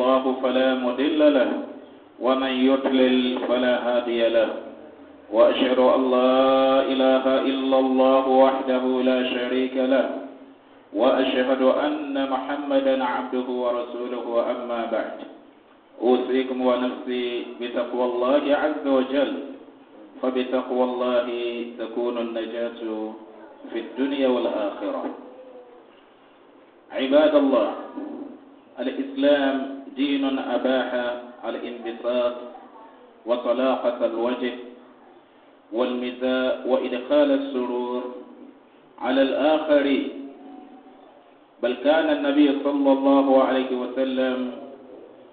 الله فلا مدل له ومن يطلل فلا هادي له وأشهد أن لا إله إلا الله وحده لا شريك له وأشهد أن محمدا عبده ورسوله أما بعد أوصيكم ونفسي بتقوى الله عز وجل فبتقوى الله تكون النجاة في الدنيا والآخرة عباد الله الإسلام دين أباح الانبساط وطلاقة الوجه والمزاء وإدخال السرور على الآخر بل كان النبي صلى الله عليه وسلم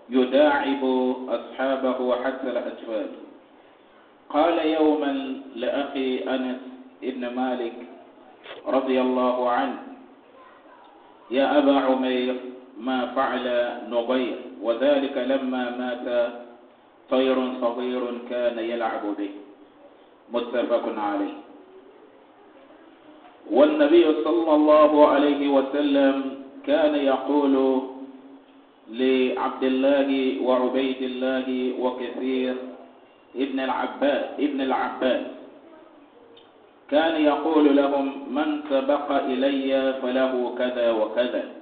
يداعب أصحابه حتى الأجفال قال يوما لأخي أنس بن مالك رضي الله عنه يا أبا عمير ما فعل نبير وذلك لما مات طير صغير كان يلعب به متفق عليه والنبي صلى الله عليه وسلم كان يقول لعبد الله وعبيد الله وكثير ابن العباس ابن العباس كان يقول لهم من سبق إلي فله كذا وكذا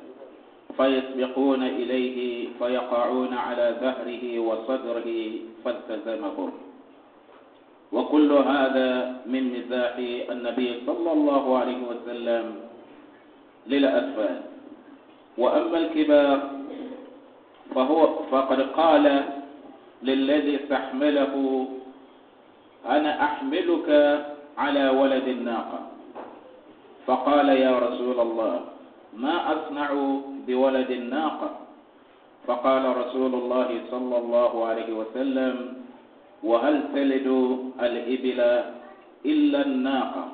فيسبقون إليه فيقعون على ظهره وصدره فالتزمهم وكل هذا من مزاح النبي صلى الله عليه وسلم للأطفال وأما الكبار فهو فقد قال للذي استحمله أنا أحملك على ولد الناقة فقال يا رسول الله ما أصنع بولد الناقة فقال رسول الله صلى الله عليه وسلم وهل تلد الإبل إلا الناقة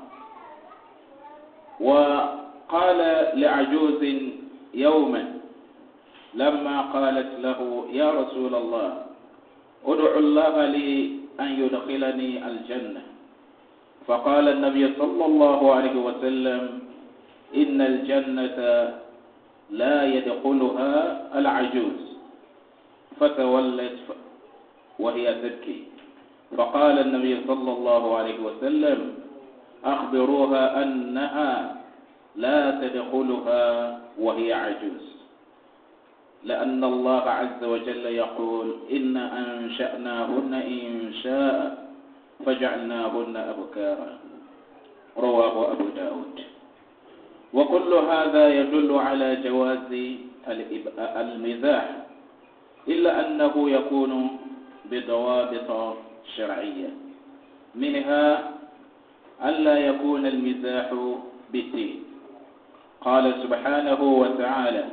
وقال لعجوز يوما لما قالت له يا رسول الله ادع الله لي أن يدخلني الجنة فقال النبي صلى الله عليه وسلم إن الجنة لا يدخلها العجوز فتولت وهي تبكي فقال النبي صلى الله عليه وسلم أخبروها أنها لا تدخلها وهي عجوز لأن الله عز وجل يقول إن أنشأناهن إن شاء فجعلناهن أبكارا رواه أبو داود وكل هذا يدل على جواز المزاح إلا أنه يكون بضوابط شرعية منها ألا يكون المزاح بتي قال سبحانه وتعالى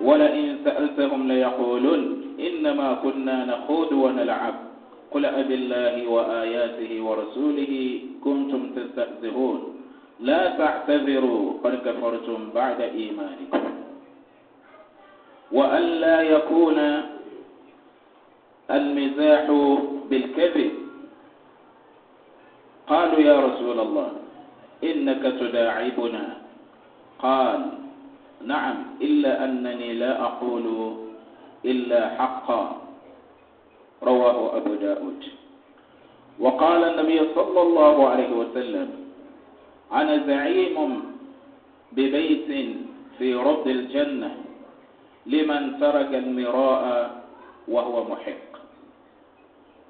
ولئن سألتهم ليقولن إنما كنا نخوض ونلعب قل أبالله وآياته ورسوله كنتم تستهزئون لا تعتذروا قد كفرتم بعد إيمانكم وأن لا يكون المزاح بالكذب قالوا يا رسول الله إنك تداعبنا قال نعم إلا أنني لا أقول إلا حقا رواه أبو داود وقال النبي صلى الله عليه وسلم أنا زعيم ببيت في رب الجنة لمن ترك المراء وهو محق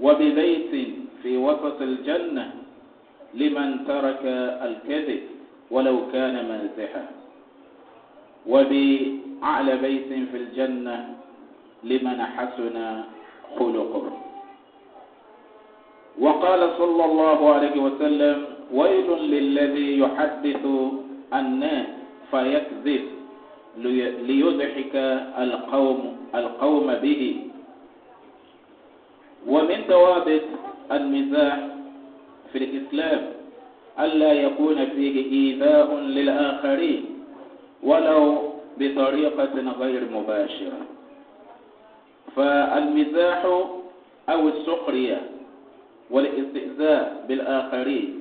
وببيت في وسط الجنة لمن ترك الكذب ولو كان مازحا وبأعلى بيت في الجنة لمن حسن خلقه وقال صلى الله عليه وسلم ويل للذي يحدث الناس فيكذب ليضحك القوم القوم به ومن ضوابط المزاح في الإسلام ألا يكون فيه إيذاء للآخرين ولو بطريقة غير مباشرة فالمزاح أو السخرية والاستئذان بالآخرين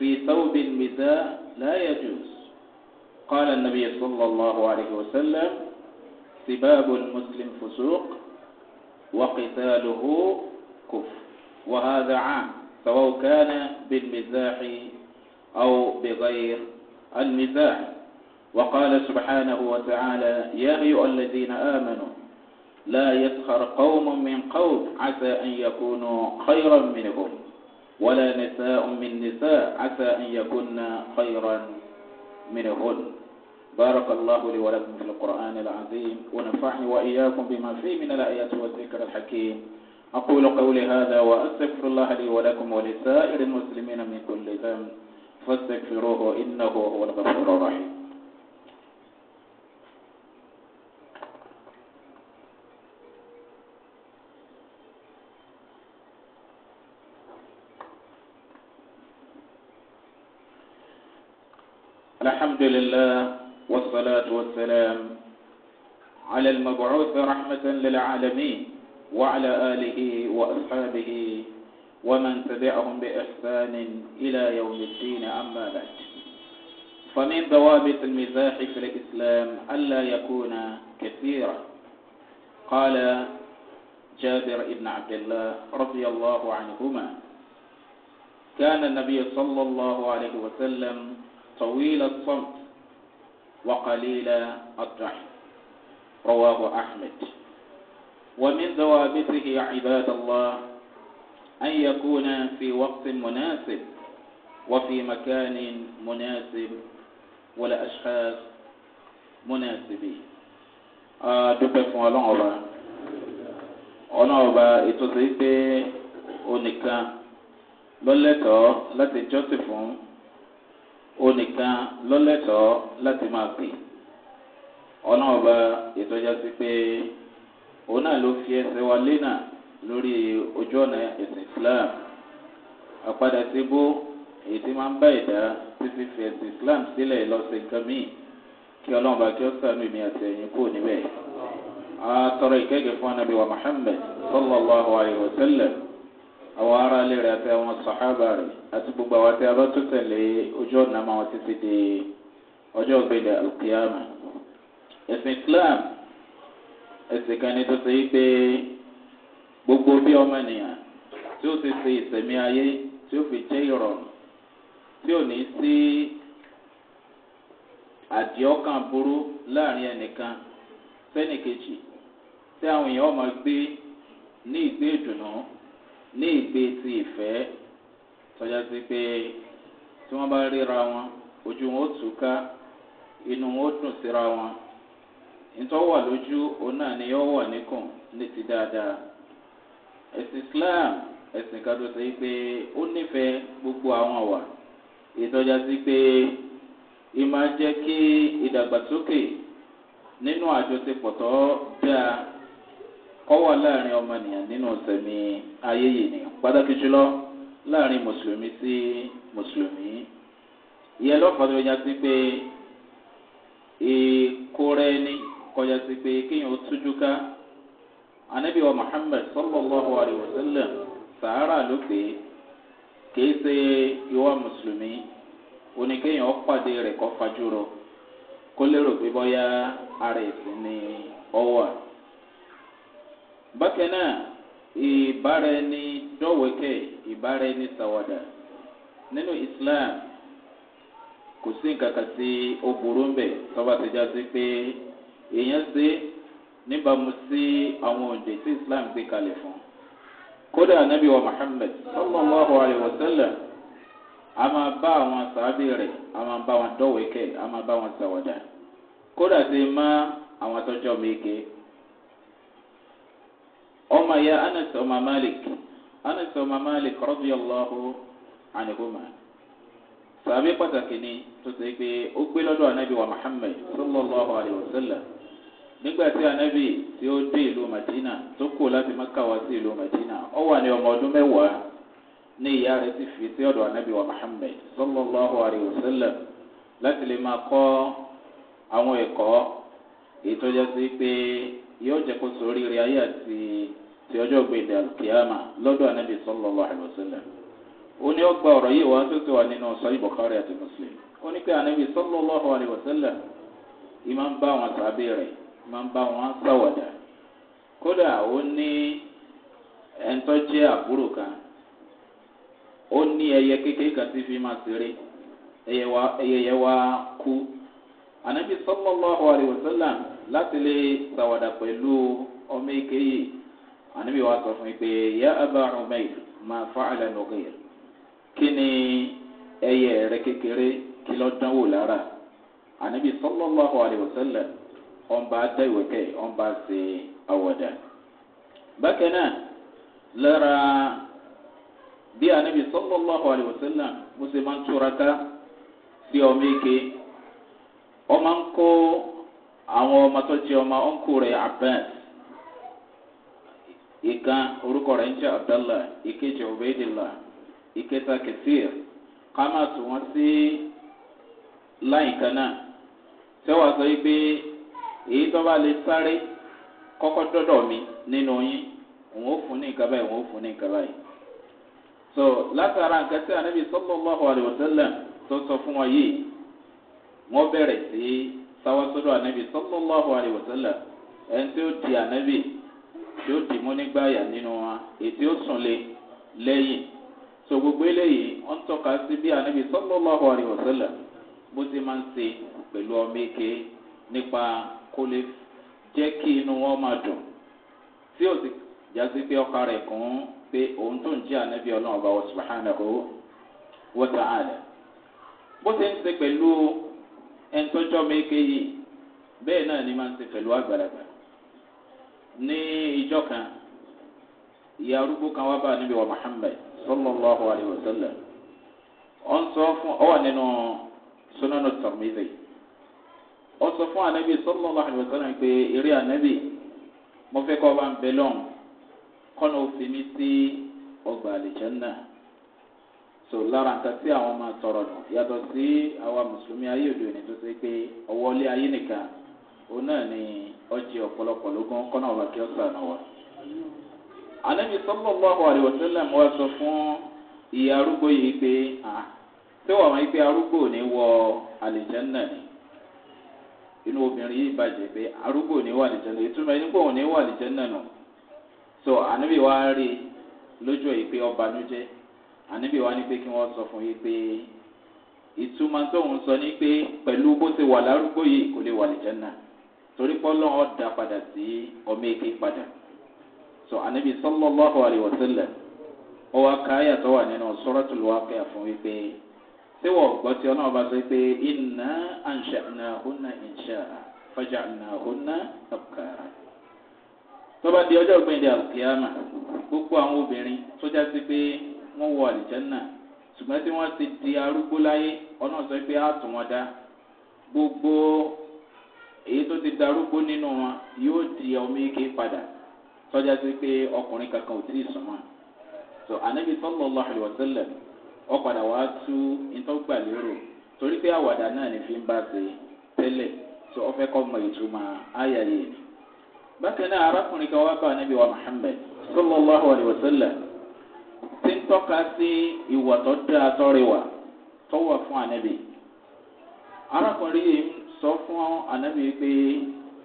في ثوب المذاء لا يجوز قال النبي صلى الله عليه وسلم سباب المسلم فسوق وقتاله كفر وهذا عام سواء كان بالمزاح أو بغير المزاح وقال سبحانه وتعالى يا أيها الذين آمنوا لا يسخر قوم من قوم عسى أن يكونوا خيرا منهم ولا نساء من نساء عسى أن يكن خيرا منهن بارك الله لي ولكم في القرآن العظيم ونفعني وإياكم بما فيه من الآيات والذكر الحكيم أقول قولي هذا وأستغفر الله لي ولكم ولسائر المسلمين من كل ذنب فاستغفروه إنه هو الغفور الرحيم الحمد لله والصلاة والسلام على المبعوث رحمة للعالمين وعلى آله وأصحابه ومن تبعهم بإحسان إلى يوم الدين أما بعد فمن ضوابط المزاح في الإسلام ألا يكون كثيرا قال جابر بن عبد الله رضي الله عنهما كان النبي صلى الله عليه وسلم طويل الصمت وقليل الرحم رواه أحمد ومن ثوابته عباد الله أن يكون في وقت مناسب وفي مكان مناسب ولأشخاص مناسبين dúpẹ́ الله ọlọ́run ọba ọlọ́run ọba ètò sí pé onìkan onìkan lọ́lẹ́tọ̀ọ́ láti máa pè ọ̀nà ọba ìtọ́já sí pé òun náà ló fi ẹsẹ̀ wa lénà lórí ojú ọ̀nà ẹ̀sìn Islam àpadà sí bó èyí tí máa ń bá ìdá títí fi ẹ̀sìn Islam sílẹ̀ lọ́sẹ̀ nǹkan míì kí ọlọ́run bá kí ó sànú ìmí àti ẹ̀yìn kúrò níbẹ̀. àtọ̀rọ̀ ìkẹ́gẹ́ fún anábìwá Muhammad sallallahu alayhi wa sallam. àwọn aráalé rẹ̀ àti àwọn sàhábà rẹ̀ àti gbogbo àwọn tí a tó tẹ̀lé ojú ọ̀nà títí di ọjọ́ ìgbéde alukiyama. ẹ̀sìn Islam ẹ̀sìn kan ní tó ṣe gbogbo bí ọmọ ènìyàn tí ó ti ṣe ìsẹ̀mí ayé tí ó fi jẹ́ ìrọ̀rùn tí ò ní sí àdìọ́kàn burú láàrin ẹnìkan sẹ́nìkejì tí àwọn èèyàn ọmọ gbé ní ìgbé ní ìgbé ti ìfẹ́ tọ́já sí pé tí wọ́n bá ríra wọn ojú wọn ó túká inú wọn ó dùn síra wọn lójú òun náà ni yóò wà níkùn ní ti dáadáa ẹ̀sìn Islam ẹ̀sìn kan tó ṣe pé ó nífẹ̀ẹ́ gbogbo àwọn àwà ìtọ́já sí pé ìmáa jẹ́ kí ìdàgbàsókè nínú àjọṣepọ̀ tó kọ́wọ́ láàrin ọmọnìyàn nínú sẹ̀mí ayé yìí ni pàtàkì jùlọ láàrin mùsùlùmí sí mùsùlùmí ìyẹn lọ́pàá tó yá ya pé ìkórè ni kọjá sí pé kéèyàn ó tújú ká anabi wa muhammed sallallahu alayhi sahara ló pé kìí ṣe ìwà mùsùlùmí oníkéèyàn ó pàdé rẹ̀ kó fajúro kó lérò pé ara ẹ̀sìn ni ọwọ́ bákan náà ìbára ẹni dọ́wẹ́kẹ̀ ìbára ẹni sàwádà nínú islam kò sí nǹkan kan sí oburu ń bẹ̀ tọ́ba ti já pé èèyàn ṣe níbàámu sí àwọn òǹdè tí islam gbé kalẹ̀ fún kódà anabi wa muhammed sallallahu alayhi wa sallam a máa bá àwọn sàábì rẹ̀ a máa bá wọn dọ́wẹ́kẹ̀ a máa bá wọn sàwádà kódà ti má àwọn tọ́jọ́ mi ké ọmọ ya anas ọmọ malik anas ọmọ malik rọ́bìyàlláhu anihuma sàbí pàtàkì ni tó ṣe pé ó gbé lọ́dọ̀ anabi wa muhammed sallallahu alayhi wa sallam nígbà tí anabi tí ó dé ìlú madina tó kù láti maka wá sí ìlú madina ó wà ní ọmọ ọdún mẹ́wàá ní ìyá rẹ̀ ti fi sí ọ̀dọ̀ anabi wa muhammed sallallahu alayhi wa sallam láti lè máa kọ́ àwọn ẹ̀kọ́ èyí sí pé yóò jẹ́ kó sórí ayé àti. ti ọjọ́ gbèdé alkiyama lọ́dọ̀ anabi sallallahu alayhi wa sallam ó ní ó gba ọ̀rọ̀ yìí wá tó ti wà nínú àti muslim ó ní pé anabi sallallahu alayhi wa yìí máa ń bá wọn sàbí rẹ̀ máa ń bá wọn ṣàwàdà kódà ó ní ẹ̀ńtọ́ jẹ́ àbúrò kan ó ní ẹyẹ kékeré kan fi máa ṣeré ẹyẹ wá kú anabi sallallahu ànábì wa sọ fún mi pé ya aba umair ma fa'ala nughir kí ni ẹyẹ rẹ kékeré kí ló dánwò lára ànábì sallallahu alaihi wasallam ọ̀nba dẹ́wẹ̀kẹ́ ọ̀nba ṣe àwọ̀dà bákan náà lára bí ànábì sallallahu alaihi wasallam mo ṣe máa ń túraká sí ọmọ ike ọmọ ń kó àwọn ọmọ tó jẹ ọmọ ọ̀nkù rẹ̀ Abbas. ika orúkọ rẹ̀ ń Ike abdallah ìkejì Iketa Kisir kama ká máa tù wọ́n sí láì kan náà èyí sáré mi nínú yín òun ó fún ní nǹkan báyìí òun ó fún ní nǹkan báyìí. so látara nǹkan tí anabi anabi ẹni di anabi. tí ó di mú nígbàyà nínú wọn ètí ó sùn lé lẹ́yìn so gbogbo eléyìí wọ́n ń tọ́ka sí bí anabi sọ́lọ́láhu àríwọ̀sẹ́lẹ̀ bó ti máa ń se pẹ̀lú ọmọ ike nípa kó lè jẹ́ kí inú wọn máa dùn tí ó sì jásí pé ọkà rẹ̀ kún pé òun tó ń jẹ́ ọlọ́run ọba bó ti ń se pẹ̀lú ọmọ ike yìí bẹ́ẹ̀ náà ni máa ń se pẹ̀lú àgbàlagbà. ni ìjọ kan ìyá arúgbó kan wá bá níbi wa Muhammad sallallahu alayhi wa sallam ó ń na fún ọ wà nínú Tirmidhi ó sọ fún anabi sallallahu alayhi wa sallam pé anabi mo fẹ́ kọ́ mi so lara nǹkan tí àwọn tọrọ na yàtọ̀ sí na mùsùlùmí ayé òde òun náà ni ọjì ọ̀pọ̀lọpọ̀ lógún kọ́nà ọba kí ó sànù wa. ànábi sallallahu alaihi wasallam wá sọ fún ìyá arúgbó yìí pé ṣé wàá máa ń pé arúgbó ní wọ àlìjẹ́nà ni inú obìnrin yìí bàjẹ́ pé arúgbó ní wọ àlìjẹ́nà ìtumọ̀ ẹni pé òun ní wọ àlìjẹ́nà nù. so ànábi wá rí lójú ẹ̀ pé ó banújẹ́ ànábi wá ní pé kí wọ́n sọ fún yìí pé ìtumọ̀ tóun sọ ní pé pẹ̀lú bó ṣe wà lárúgbó yìí kò lè wà àlìjẹ́nà. torí pọ́lọ́ ọ̀dà padà sí ọmọ èké padà so anabi sallallahu alayhi wa káyà tó wà nínú suratul waqi'a fún wípé tí wọ́n gbọ́ tí ọlọ́run bá sọ pé inna ansha'nahunna insha'a faja'nahunna abkara tó bá di ọjọ́ gbogbo àwọn obìnrin tó já sí pé wọ́n wọ àlìjẹ́nà ṣùgbọ́n tí wọ́n ti di arúgbó láyé sọ pé gbogbo èyí tó ti darúgbó nínú wọn yóò di ọmọ ike padà sọjá sí pé ọkùnrin kankan ò tíì sùn so anabi sọlọ lọhùn wọsẹlẹ ọ padà wàá tú ìtọ́gbà lérò torí pé àwàdà náà ní fi ń bá ṣe tẹ́lẹ̀ so ọ fẹ́ kọ́ mọ ìtumọ̀ ayà yìí bákan náà arákùnrin kan wá bá anabi wa muhammed sọlọ lọhùn wọsẹlẹ ti ń tọ́ka sí ìwà tó dáa tọ́rẹwà tọ́wọ̀ fún anabi arákùnrin yìí ń sọ fún ànábì pé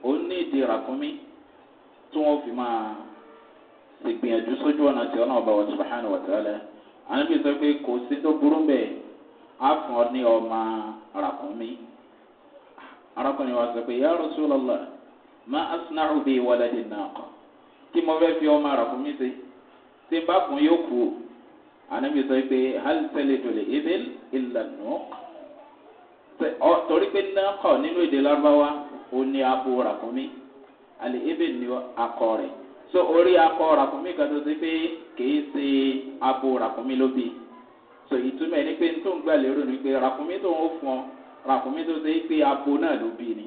ó ní ìdí ràkúnmí tí wọ́n fi máa ṣègbìyànjú sójú ọ̀nà tí ọlọ́run bá wà subahana wa ta'ala ànábì sọ pé kò sí tó burú bẹ́ẹ̀ á fún ọ ní ọmọ ràkúnmí arákùnrin wa sọ pé ya Rasulullah ma asna'u bi waladi naqa kí mo fẹ́ fi ọmọ ràkúnmí ṣe tí n bá kún yóò kú ànábì sọ pé hal talidu li ibil illa nuq torí pé nákọ nínú èdè lárúbáwá ó ní abo ràkúnmí àlè ebe ní akọ rẹ̀ so orí akọ ràkúnmí kan tó ti pé kìí ṣe abo ràkúnmí ló so ìtumọ̀ ẹni pé tó ń gbà lérò ni pé ràkúnmí tó ń fún ọ ràkúnmí tó ṣe pé abo náà ló ni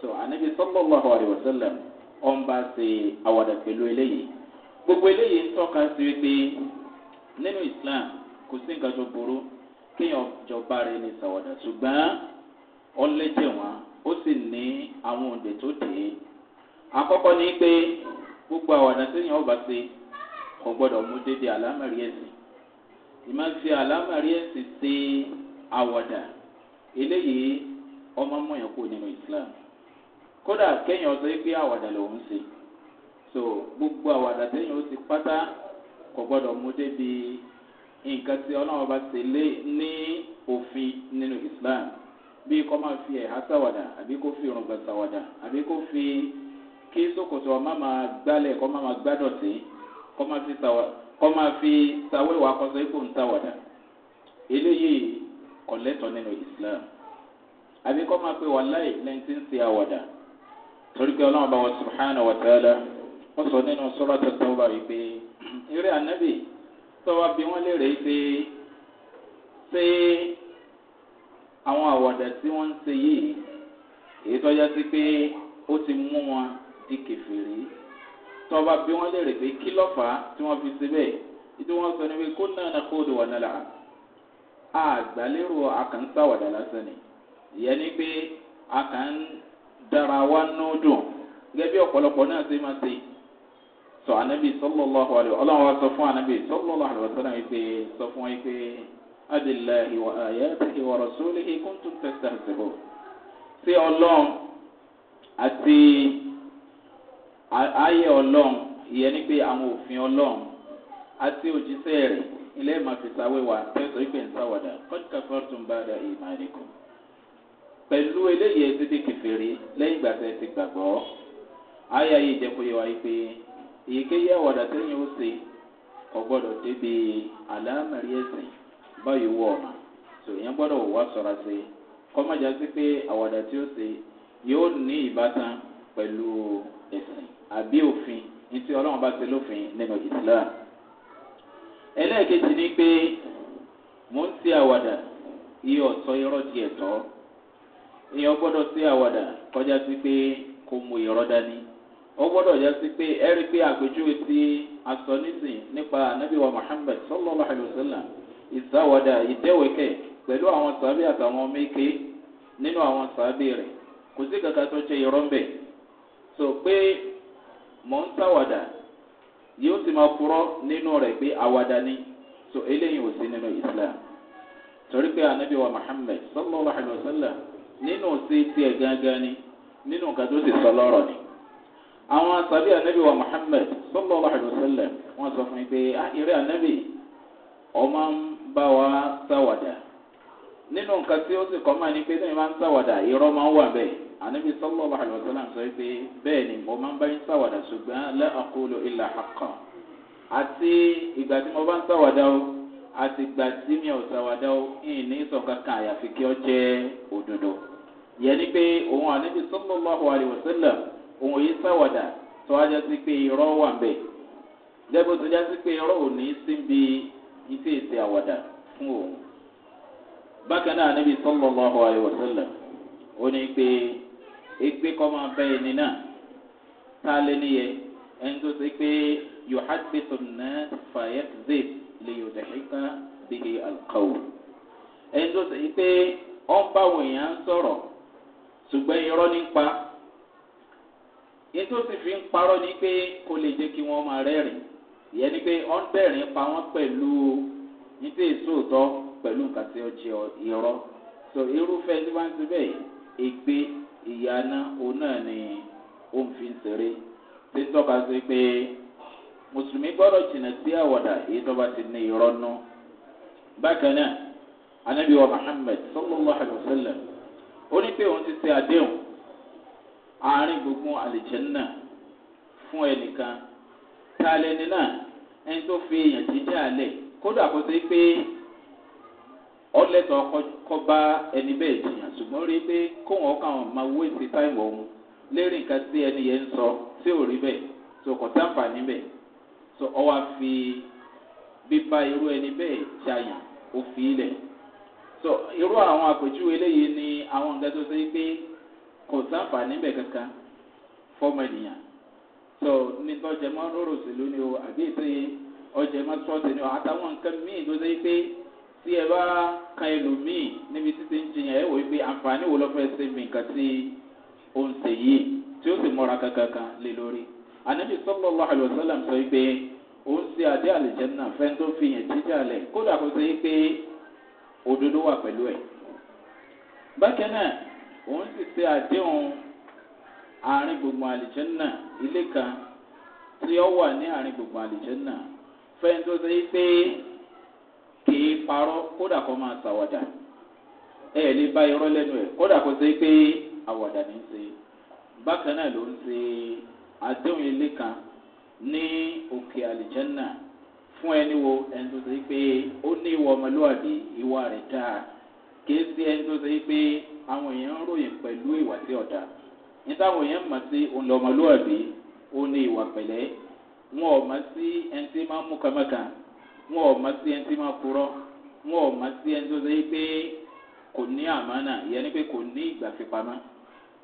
so anabi sallallahu alayhi wa sallam ọ̀n bá ṣe àwàdà pẹ̀lú eléyìí gbogbo eléyìí ń tọ́ka sí pé nínú islam kò sí nǹkan tó burú kéèyàn jọba rẹ ní sàwọ̀dà ṣùgbọ́n ọlẹ́jẹ̀ wọn ó sì ní àwọn òǹdè tó dé é àkọ́kọ́ ni pé gbogbo àwàdà téèyàn ọba ṣe kò gbọ́dọ̀ mú dédé àlámàrí ẹ̀sìn ìmọ̀ fi àlámàrí ẹ̀sìn ṣe àwàdà eléyìí ọmọ mọ̀yàn kú nínú Islam kódà kéèyàn ọ̀sẹ̀ pé àwàdà lòún ṣe so gbogbo àwàdà téèyàn ó ti pátá kò gbọ́dọ̀ mú dédé nǹkan tí ọlọ́run bá ṣe lé ní òfin nínú islam bí kò máa fi ẹ̀há sàwàdà àbí kò fi irùngbọ̀n sàwàdà àbí kò fi kí sòkòtò ọmọ máa gbálẹ̀ kó máa gbádọ̀tì kó máa fi sàwéwà kọsọ ipò ń sàwàdà eléyìí kò lẹ́tọ̀ nínú islam àbí kó máa pe wàláì lẹ́yìn tí ń ṣe àwàdà torí pé ọlọ́run bá wọn subhanahu wa ta'ala wọ́n sọ nínú sọ́rọ́ tẹ̀sán wọ́n bá rí eré ànábì tọ́wọ́ bí wọ́n lè rèé pé ṣé àwọn àwàdà tí wọ́n ń ṣe yìí èyí tó yẹ sí pé ó ti mú wọn di kẹfìrí tọ́wọ́ bí wọ́n lè rèé pé kí ló fà á tí wọ́n fi ṣe bẹ́ẹ̀ ìdí wọ́n sọ ni pé kó náà kó o wà nílà àgbálérò akànṣàwàdà lásán ni ìyẹn ni pé akàn dára wa nù dùn gẹ́gẹ́ bí ọ̀pọ̀lọpọ̀ náà ṣe máa ṣe sọ anabi sallallahu alaihi ọlọ́run wa sọ fún anabi sallallahu alaihi wa sallam pé sọ fún wọn pé adilahi wa ayatihi wa rasulihi kuntum tastahzi'un sí ọlọ́run àti ayé ọlọ́run ìyẹn ni pé àwọn òfin ọlọ́run àti òjíṣẹ́ rẹ̀ ilé máa fi sáwé wa tẹ́sán ìpè ń bá dà ìmọ̀ àdìkùn. pẹ̀lú eléyìí ẹtí ti kẹfẹ́rí lẹ́yìn ìgbà tẹ́ ti gbàgbọ́ ayé ayé ìjẹ́kọ̀ọ́ yẹ wáyé pé èyíkéyìí àwàdà sẹ́yìn ó ṣe kò gbọ́dọ̀ débi àlámẹ̀rí ẹ̀sìn báyìí wọ̀ ọ̀nà sòyìn gbọ́dọ̀ wà sọ̀rọ̀ sí kọ́mọ̀já sí pé àwàdà tí ó ṣe yóò ní ìbátan pẹ̀lú ẹ̀sìn àbí òfin ní tí ọlọ́run bá ṣe lófin nínú islam. ẹlẹ́ẹ̀kejì ni pé mò ń ṣe àwàdà iye ọ̀tọ́ irọ́ di ẹ̀tọ́ èèyàn gbọ́dọ̀ ṣe àwàdà kọjá sí pé kò mú irọ́ dání ó gbọ́dọ̀ yẹ sí pé ẹ rí pé àpèjúwe tí asọ nípa wa muhammed sallallahu alayhi wa sallam ìsáwọ́dà ìdẹ́wẹ̀kẹ̀ pẹ̀lú àwọn sàbí àtàwọn méke nínú àwọn sàbí rẹ̀ kò sí kankan tó ṣe irọ́ mbẹ̀ so pé mò ń sáwọ́dà yóò sì máa purọ́ nínú rẹ̀ pé àwàdà ni so eléyìí ò sí nínú islam torí pé muhammed sallallahu alayhi àwọn sàbí ànábì wa Muhammad sallallahu alaihi wasallam wọn sọ fún mi pé ìrẹ́ ah, ànábì ọmọ ń bá wa ṣàwàdà nínú nǹkan tí ó sì kọ́ máa ní pé tẹ́yìn máa ń ṣàwàdà irọ́ máa ń wà bẹ́ẹ̀ ànábì sallallahu alaihi wasallam sọ pé bẹ́ẹ̀ ni mo máa ń bá yín ṣàwàdà ṣùgbọ́n la aqulu illa haqqan àti ìgbà tí mo bá ń ṣàwàdà o àti ìgbà tí mi ò ṣàwàdà o ìní ìsọ̀kankan àyàfi kí ó jẹ́ òdodo yẹn ni pé òun ànábì sallallahu alaihi wasallam òun yìí ṣàwàdà tó wájá sí pé irọ́ wà ń bẹ̀ dẹ́gbó tó já sí pé irọ́ ò ní síbi iṣẹ́ ìṣe àwàdà fún òun. bákan náà níbi sallallahu alaihi wasallam ó ní pé ègbé kọ́ máa bẹ ẹni náà tá a lé níyẹ ẹni tó ṣe pé yuhaddithu an-nas ètò sì fi ń parọ́ ni pé kò lè jẹ́ kí wọ́n máa rẹ́rìn ìyẹn ni pé ọ́n bẹ̀rìn pa wọ́n pẹ̀lú níta èso òótọ́ pẹ̀lú nǹkan tí ó jẹ́ irọ́ tó irúfẹ́ tí wọ́n ti bẹ́ẹ̀ ègbé ìyáná òun náà ni ó ń fi ń ṣeré tí ń tọ́ka sí pé mùsùlùmí gbọ́dọ̀ jìnnà sí àwàdà èyí tó bá ti ní irọ́ nú bákan náà anábìwọ̀ muhammed sallallahu alayhi wa sallam ó ní pé òun ti ṣe àdéhùn àárín gbùngbùn àlìjẹ́nà fún ẹnìkan tá a lẹni náà ẹni tó fi èèyàn jíjà lẹ̀ kódà kó ṣe pé ọlẹ́tọ̀ kọ́ bá ẹni bẹ́ẹ̀ jìyàn ṣùgbọ́n rí i pé kóun ọkàn àwọn máa wé sí táìmù ọ̀hún lérí nǹkan tí ẹni yẹn ń sọ tí ò rí bẹ́ẹ̀ tó kọ̀ táǹfà níbẹ̀ tó ọ fi bíbá irú ẹni bẹ́ẹ̀ jayàn ó ilẹ̀ tó irú àwọn àpèjúwe eléyìí ni àwọn nǹkan tó ṣe pé kò sáfà níbẹ̀ kankan fọmọ ènìyàn tó nípa ọ̀jẹ̀mọ́ rọrùn sílùú ni o àbí ìpè ọ̀jẹ̀mọ́ tọ́sí ni o àtàwọn nǹkan míì tó ṣe pé tí ẹ bá kan ẹlòmíì níbi títí ń jiyàn ẹ wò pé àǹfààní wo ló fẹ́ ṣe mí nǹkan tí ó ń ṣe yìí tí ó sì mọ́ra kankan lé lórí. ànábì sallallahu alaihi wasallam sọ pé òun ṣe àdé àlùjánnà fẹ́ tó fi yàn jíjà lẹ̀ kódà kó ṣe pé òdodo wà pẹ̀lú ẹ̀. bákan náà òun sì ṣe àdéhùn àárín gbùngbùn àlìjẹ́nà ilé kan tí ó wà ní àárín gbùngbùn àlìjẹ́nà fẹ́ni tó ṣe pé kìí parọ́ kódà kó máa ṣàwàdà ẹ lè bá irọ́ lẹ́nu ẹ̀ kódà kó ṣe pé àwàdà ní í ṣe bákan náà ló ń ṣe àdéhùn ilé kan ní òkè àlìjẹ́nà fún ẹni wo ẹni tó ṣe pé ó ní ìwà ọmọlúwàbí ìwà rẹ̀ dáa kìí sí ẹni tó ṣe pé àwọn èèyàn ń ròyìn pẹ̀lú ìwà tí ọ̀dà ní táwọn èèyàn mọ̀ sí òun lọ́mọlúwàbí òun ni ìwà pẹ̀lẹ́ wọn ò mọ̀ sí ẹni tí máa ń mú kàmẹ́kà wọn ò mọ̀ sí ẹni tí máa purọ́ wọn ò mọ̀ sí ẹni tó ṣe pé kò ní àmánà ìyẹn ni pé kò ní ìgbàfipamọ́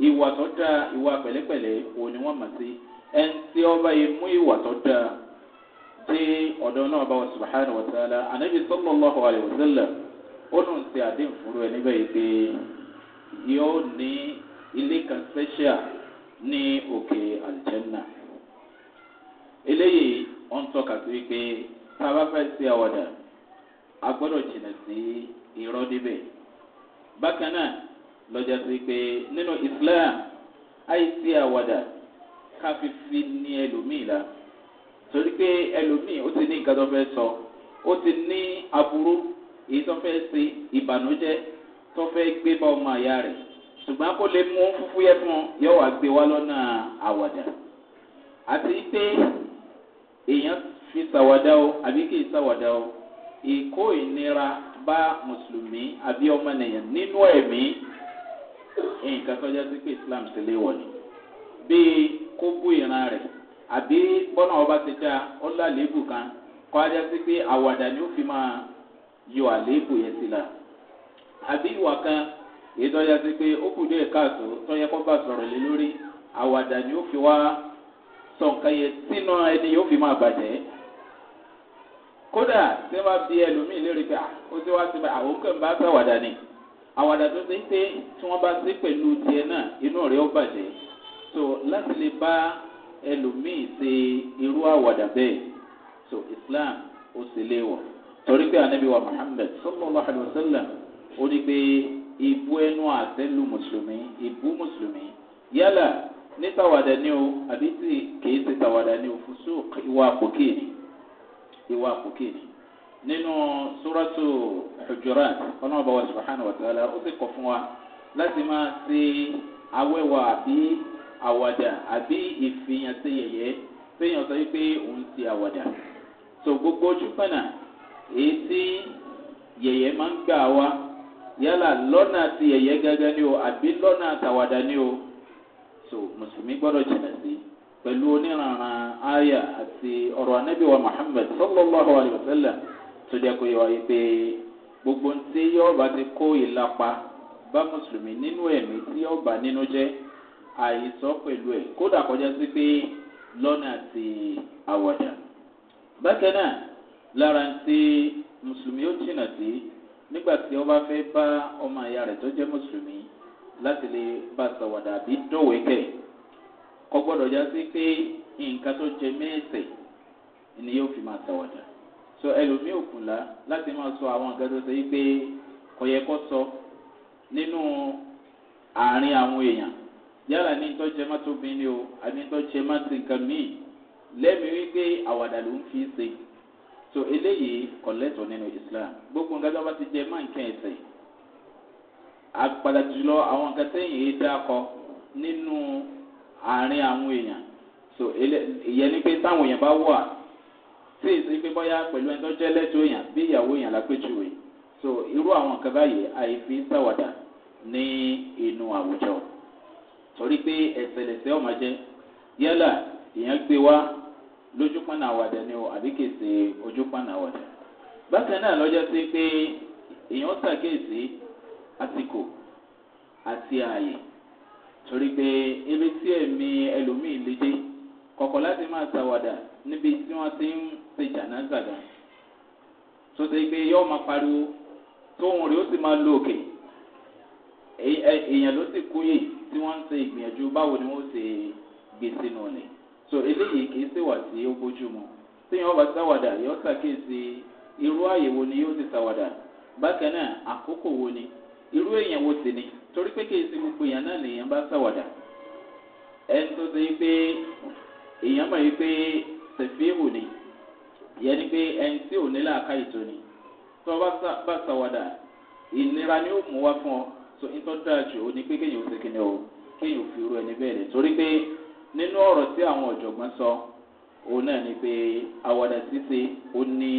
ìwà tó dáa ìwà pẹ̀lẹ́pẹ̀lẹ́ òun ni wọ́n mọ̀ sí ẹni tí ọba yìí mú ìwà tó dáa dé ọ̀dọ̀ náà bá wa subhanahu wa ta'ala anabi sallallahu alayhi wa sallam ó lóun ṣe àdéhùn fúru ẹ níbẹ̀ yìí pé yóò ní ilé kan special ní òkè aljanna eléyìí wọn tọ́ka sí wípé tá a bá fẹ́ ṣe àwàdà a jìnnà sí irọ́ níbẹ̀ bákan náà lọ́jà sí pé nínú islam àìsí àwàdà ká ní ẹlòmíì la torí pé ẹlòmíì ó ti ní nǹkan tó fẹ́ sọ ó ti ní aburú èyí tó fẹ́ ṣe ìbànújẹ́ tó fẹ́ gbé bá ọmọ àyà rẹ̀ ṣùgbọ́n kó lè mú fúfú yẹ fún yóò wá gbé wá lọ́nà àwàdà àti pé èèyàn fi ṣàwàdà o àbí kì í ṣàwàdà o ìkó ìnira bá mùsùlùmí àbí ọmọnìyàn nínú ẹ̀mí nǹkan tó jẹ́ sí pé islam ṣe lé wọ̀ ni bíi kó bú ìran rẹ̀ àbí bọ́nà ọba ti dá ọ́ lálébù kan kọ́ ajá sí pé àwàdà ni ó fi máa yọ àléébù yẹn sí náà àbí ìwà kan èyí tó yẹ sí pé ó kù díẹ̀ káàtó tó yẹ kó bá sọ̀rọ̀ lé lórí àwàdà ni ó fi wá sọ nǹkan yẹn sínú ẹni yóò fi máa bàjẹ́ kódà tí wọ́n bá bi ẹlòmíì lérí pé ó ti wá sí pé àwọn kan bá sàwàdà ni àwàdà tó ti pé tí wọ́n bá sí pẹ̀lú tiẹ̀ náà inú rẹ̀ ó bàjẹ́ so láti lè bá ẹlòmíì ṣe irú àwàdà bẹ́ẹ̀ so Islam ó sì léwọ̀n torí pé anabi wa muhammed sallallahu alayhi wa sallam ó ní pé ìbú ẹnu àtẹ́lu mùsùlùmí ìbú mùsùlùmí yálà ní tàwádà ni o àbí tí kìí ṣe tàwádà ni o fúsù ìwà àpòkè ni ìwà àpòkè ni nínú suratu hujurat ọlọ́run bá wa subhanahu wa ta'ala ó sì kọ̀ fún wa láti máa ṣe awẹ́wà àbí àwàdà àbí ìfihàn sí yẹ̀yẹ́ fẹ́yàn sọ wípé òun ti àwàdà tó gbogbo ojú pẹ̀nà èyí tí yẹ̀yẹ́ máa ń gbà wá yálà lọ́nà ti yẹ̀yẹ́ gẹ́gẹ́ ni o àbí lọ́nà àtàwàdà ni o so mùsùlùmí gbọ́dọ̀ jìnà sí pẹ̀lú oníranran aya àti ọ̀rọ̀ anábì wa muhammed sallallahu alayhi wa sallam tó jẹ́ kó yọ pé gbogbo ntí yọ̀ọ̀bá ti kó ìlapa bá mùsùlùmí nínú ẹ̀mí tí yọ̀ọ̀bá nínú jẹ́ àìsàn pẹ̀lú ẹ̀ kódà kọjá sí pé lọ́nà àti àwàdà bákan náà lára ń tí mùsùlùmí ó jìnnà dé nígbà tí ó bá fẹ́ bá ọmọ ìyá rẹ̀ tó jẹ́ mùsùlùmí láti lè bá sàwàdà àbí dọ̀wẹ́kẹ̀ kò gbọ́dọ̀ já sí pé nǹkan tó jẹ mẹ́ẹ̀sẹ̀ ni yóò fi máa sàwàdà so ẹlòmíì òkùnlá láti máa sọ àwọn nǹkan tó ṣe yí pé kò yẹ kó sọ nínú àárín àwọn èèyàn yálà ní tó jẹ mọ́tò bí o àbí tó jẹ mọ́tò nǹkan míì lẹ́mìí wípé àwàdà ló ń fi ṣe so eléyìí kọ̀lẹ́tọ̀ nínú islam gbogbo nǹkan tó bá ti jẹ máa ń kẹ́ ẹ̀sìn àpàdà jùlọ àwọn nǹkan tẹ́yìn yìí dákọ nínú àárín àwọn èèyàn so ìyẹn ni pé táwọn èèyàn bá wà tí èsì pé bọ́yá pẹ̀lú ẹni tó jẹ́ lẹ́tọ̀ọ́ èèyàn bí ìyàwó èèyàn lápèjúwe so irú àwọn nǹkan báyìí àìfi ṣàwàdà ní inú àwùjọ torí pé ẹ̀sẹ̀lẹ̀sẹ̀ ọ̀mọ̀ jẹ́ yálà èèyàn gbé wá lójúpọ̀nà àwàdà ni o àbí kì í ṣe ojúpọ̀nà àwàdà. bákan náà lọ́jọ́ sí pé èèyàn ṣàkíyèsí àsìkò àti ààyè torí pé ibi tí ẹ̀mí ẹlòmíì lè dé kọ̀kọ̀ láti máa ṣàwàdà níbi tí wọ́n ti ń ṣe jàǹdà gan tó ṣe pé yóò máa pariwo tóun rè ó sì máa lo òkè èèyàn ló sì kúyè tí wọ́n ń ṣe ìgbìyànjú báwo ni wọ́n ṣe gbèsè nù ní so eléyìí kì í ṣèwà tí ó bójúmu téèyàn bá ṣàwàdà yóò ṣàkíyèsí irú àyè wo ni yóò ti ṣàwàdà bákan náà àkókò wo ni irú èèyàn wo sì ni torí pé kìí ṣe gbogbo èèyàn náà lèèyàn bá ṣàwàdà ẹni tó ṣe pé èèyàn mọ̀ yìí pé ṣèfíhù ni ìyẹn ni pé ẹni tí ò ní làákà ètò ni tó bá ṣàwàdà ìnira ni ó mú wá fún ọ tó ń tọ́ dáa jù ó ní pé kéèyàn ò ṣe kíni o kéèyàn ò fi irú ẹni bẹ́ẹ̀ ni torí pé nínú ọ̀rọ̀ tí àwọn ọ̀jọ̀gbọ́n sọ òun náà ni pé àwàdà ṣíṣe ó ní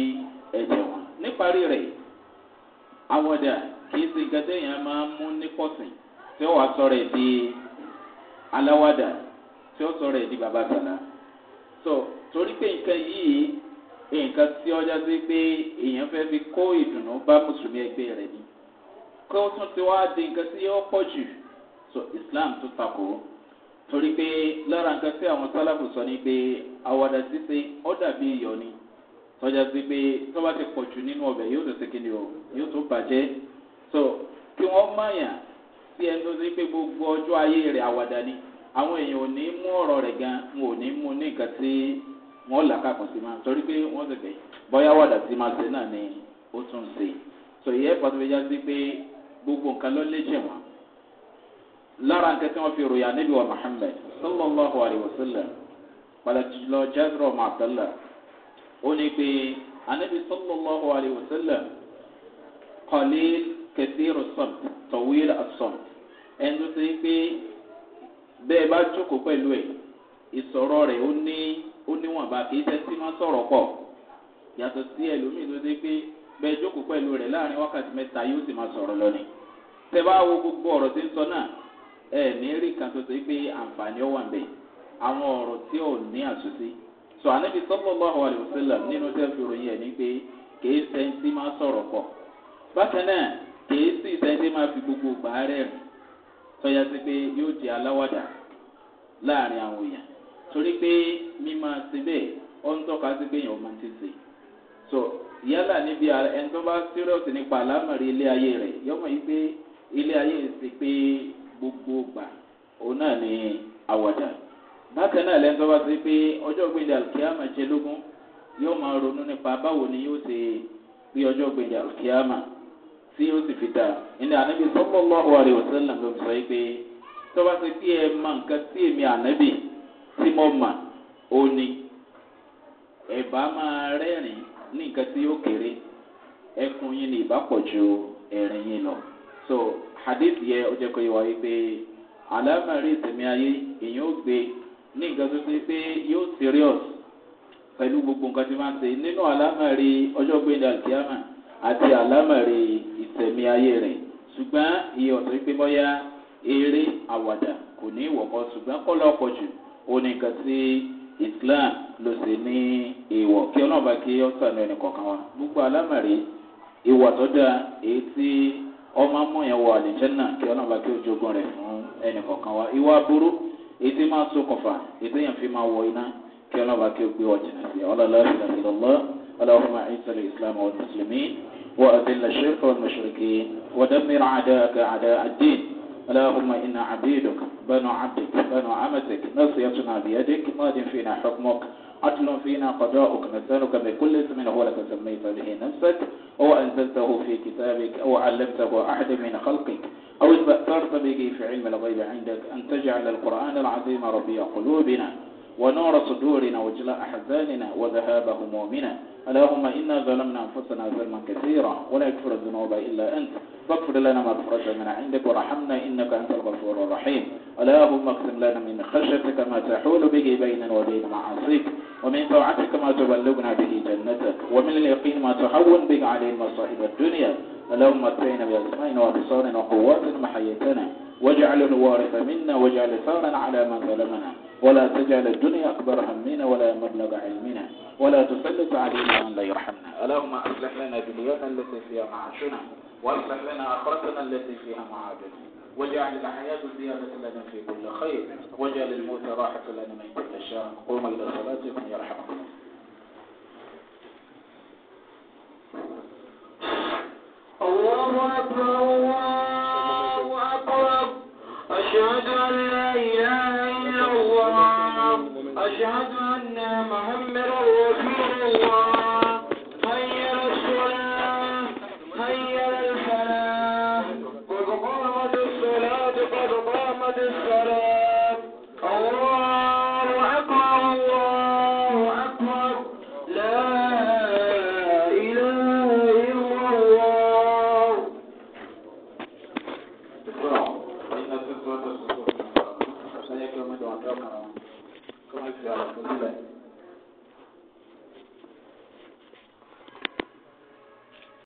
ẹ̀jẹ̀ wọn. níparí rẹ̀ àwàdà kìí ṣe gẹ́gẹ́ yẹn máa ń mú ní pọ̀sìn tí ó wàá sọ̀rọ̀ ẹ̀ di aláwàdà tí ó sọ̀rọ̀ ẹ̀ di bàbá so torí pé nǹkan yìí nǹkan tí ọjà sí pé èèyàn fẹ́ fi kó ìdùnnú bá mùsùlùmí ẹgbẹ́ rẹ̀ ni kó tún ti wá di nǹkan tí ó pọ̀ jù so Islam tó takò ó torí pé lára nǹkan tí àwọn sálàfù sọ ni pé àwàdà ṣíṣe ó dàbí iyọ̀ ni tọ́jà sí pé tó bá ti pọ̀jù nínú ọbẹ̀ yóò tó ṣèkìlì o yóò tó bàjẹ́ so kí wọ́n máyà sí ẹni tó ṣe pé gbogbo ọjọ́ ayé rẹ̀ àwàdà ni àwọn èèyàn ò ní mú ọ̀rọ̀ rẹ̀ gan wọn ò ní mú ní nǹkan tí wọ́n là kàkọ́ sí máa torí pé wọ́n ṣe pé bóyá àwàdà sí máa ṣe náà ni ó tún ṣe so ìyẹn pàtó fi já sí pé gbogbo nǹkan ló lè jẹ̀ lára nǹkan tí wọ́n fi ròyìn ànábì wa muhammed sallallahu alayhi wa sallam pàtàkì jùlọ jazra ọmọ àtàlà ó ní pé ànábì sallallahu alayhi wa sallam qalil kathiru samt tawil as-samt ẹnu ṣe pé bẹ́ẹ̀ bá jókòó pẹ̀lú ẹ̀ ìsọ̀rọ̀ rẹ̀ ó ní ó níwọ̀nba kì í tẹ́tí máa sọ̀rọ̀ pọ̀ yàtọ̀ sí ẹlòmíì tó ṣe pé bẹ́ẹ̀ jókòó pẹ̀lú rẹ̀ láàrin wákàtí mẹ́ta yóò sì máa sọ̀rọ̀ lọ ni tẹ́ bá wo gbogbo ọ̀rọ̀ tí ń sọ náà e ní rí kan tó ṣe pé àǹfààní ó ń bẹ̀ àwọn ọ̀rọ̀ tí ò ní àtúnṣe sọ ànábi sallallahu alaihi wasallam nínú tẹ́fù ròyìn ẹ̀ ma pé kìí sẹ́ńtì máa sọ̀rọ̀ pọ̀ bákan náà kìí sì sẹ́ńtì fi gbogbo gbàárẹ̀ rìn tọ́yà sí pé yóò di aláwàdà láàrin àwọn èèyàn torí pé mímọ síbẹ̀ ó ń tọ́ka sí pé èèyàn máa ti sè so yálà níbi ẹni tó bá nípa àlámọ̀rí ilé ayé rẹ̀ pé ilé ayé sì pé gbogbo gbà òun náà ni àwàdà bákan náà lẹ́nu tó bá ti pé ọjọ́ gbèdé alùkíyàmà jẹ lógún yóò máa ronú nípa báwo ni yóò ṣe pé ọjọ́ gbèdé alùkíyàmà tí yóò sì fi dà ilé ànábì sọ́kọ́lọ́ ọ̀rẹ́ sọ pé tó bá ti pé ẹ mọ nǹkan tí èmi ànábì tí mo mà ó ní ẹ̀bá máa rẹ́rìn ní nǹkan tí yóò so hadith yẹ ó jẹ́ kó alamari wá wípé àlámàrí ìsẹ̀mí ayé èèyàn ó gbé ní nǹkan tó ṣe pé yóò serious pẹ̀lú gbogbo nǹkan tí máa ń ṣe nínú àlámàrí ọjọ́ àti ayé rẹ̀ ṣùgbọ́n iye ọ̀tọ̀ pé bọ́yá eré àwàdà kò ní ìwọ̀kọ́ ṣùgbọ́n kọ́lọ́ ọ̀pọ̀ jù ó ní nǹkan tí Islam ló ṣe ní ìwọ̀ kí ọmọ amóyàn wọ àlìjẹ́nà kí ọlọ́mọba kí ó jogún rẹ̀ fún ẹnì kọ̀ọ̀kan wa ìwà burú ètí máa ṣokùnfà ètí yẹn fi máa wọ iná kí ọlọ́mọba kí ó gbé wọ jìnnà sí ọlọ́lá ìlàlọ́ اللهم أعز الإسلام والمسلمين وأذل الشرك والمشركين ودمر أعداءك أعداء الدين اللهم إنا عبيدك بنو عبدك بنو عمتك نصيتنا بيدك ماد فينا حكمك عدل فينا قضاؤك نسألك بكل اسم هو لك سميت به نفسك أو أنزلته في كتابك أو علمته أحد من خلقك أو استأثرت به في علم الغيب عندك أن تجعل القرآن العظيم ربي قلوبنا ونور صدورنا وجلاء أحزاننا وذهاب همومنا اللهم إنا ظلمنا أنفسنا ظلما كثيرا ولا يكفر الذنوب إلا أنت واغفر لنا ما أخرج من عندك ورحمنا إنك أنت الغفور الرحيم اللهم اقسم لنا من خشيتك ما تحول به بيننا وبين معاصيك ومن طاعتك ما تبلغنا به جنتك ومن اليقين ما تهون به علينا صاحب الدنيا اللهم متعنا بأسمائنا وأبصارنا وقواتنا ما واجعل الوارث منا واجعل ثارا على من ظلمنا ولا تجعل الدنيا أكبر همنا ولا مبلغ علمنا ولا تسلط علينا من لا يرحمنا اللهم أصلح لنا دنيانا التي فيها معاشنا واصلح لنا آخرتنا التي فيها معادن واجعل الحياه زيادة لنا في كل خير واجعل الموت راحة لنا من كل شر قوم إلى صلاتكم يرحمكم الله أكبر الله أكبر أشهد أن لا